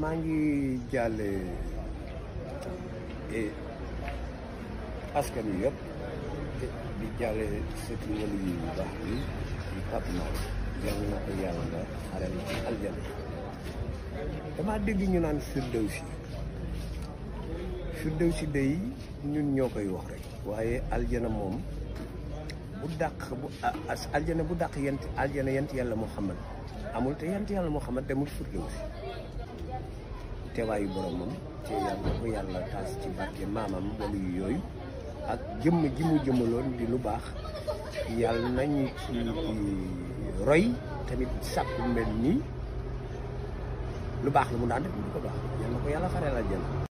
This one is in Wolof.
maa ngi jàlle eh, askan wi yëpp di jàlle sëtu wàllu yi bu baax bi di yàlla na ko yàlla nga xaral ci aljana damaa dégg ñu naan firdawsi si day ñun ñoo koy wax rek waaye aljana moom bu dàq bu aljana bu dàq yent aljana yent yàlla Muhammad amul te yent yàlla Muhammad demul firdawsi teewaayu boromam te yàlla ko yàlla taas ci barke maamam wala yooyu ak jëmm ji mu jëmmaloon di lu baax yàlla nañu ci roy tamit sàkku mel nii lu baax la mu daan def mu di ko baax yàlla ko yàlla xaree la jël